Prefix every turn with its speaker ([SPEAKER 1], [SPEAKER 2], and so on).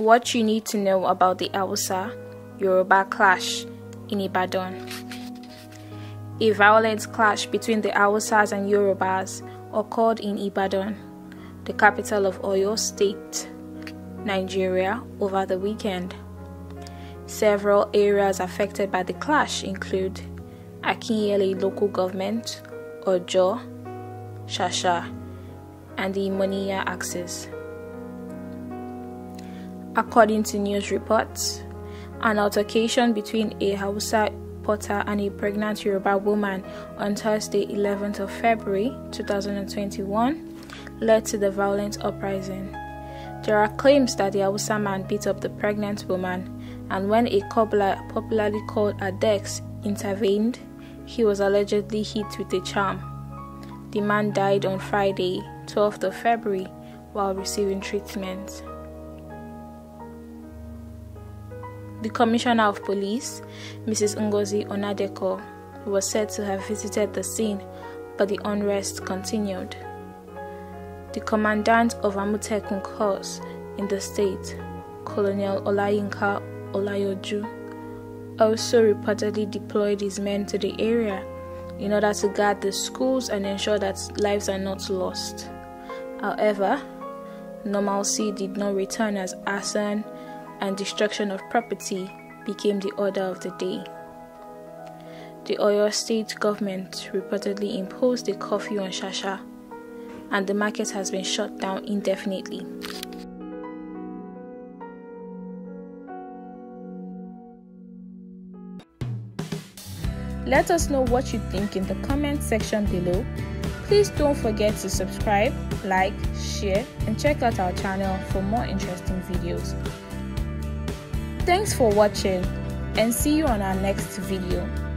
[SPEAKER 1] What you need to know about the Hausa Yoruba clash in Ibadan. A violent clash between the Hausas and Yorubas occurred in Ibadan, the capital of Oyo State, Nigeria, over the weekend. Several areas affected by the clash include Akinyele local government, Ojo, Shasha, and the Imonia axis. According to news reports, an altercation between a Hausa potter and a pregnant Yoruba woman on Thursday, 11th of February 2021, led to the violent uprising. There are claims that the Hausa man beat up the pregnant woman, and when a cobbler, popularly called a dex, intervened, he was allegedly hit with a charm. The man died on Friday, 12th of February, while receiving treatment. The Commissioner of Police, Mrs. Ngozi Onadeko, was said to have visited the scene, but the unrest continued. The commandant of Amutekun Corps in the state, Colonel Olayinka Olayoju, also reportedly deployed his men to the area in order to guard the schools and ensure that lives are not lost. However, normalcy did not return as Asan and destruction of property became the order of the day. The Oyo state government reportedly imposed a curfew on Shasha, and the market has been shut down indefinitely. Let us know what you think in the comment section below. Please don't forget to subscribe, like, share, and check out our channel for more interesting videos. Thanks for watching and see you on our next video.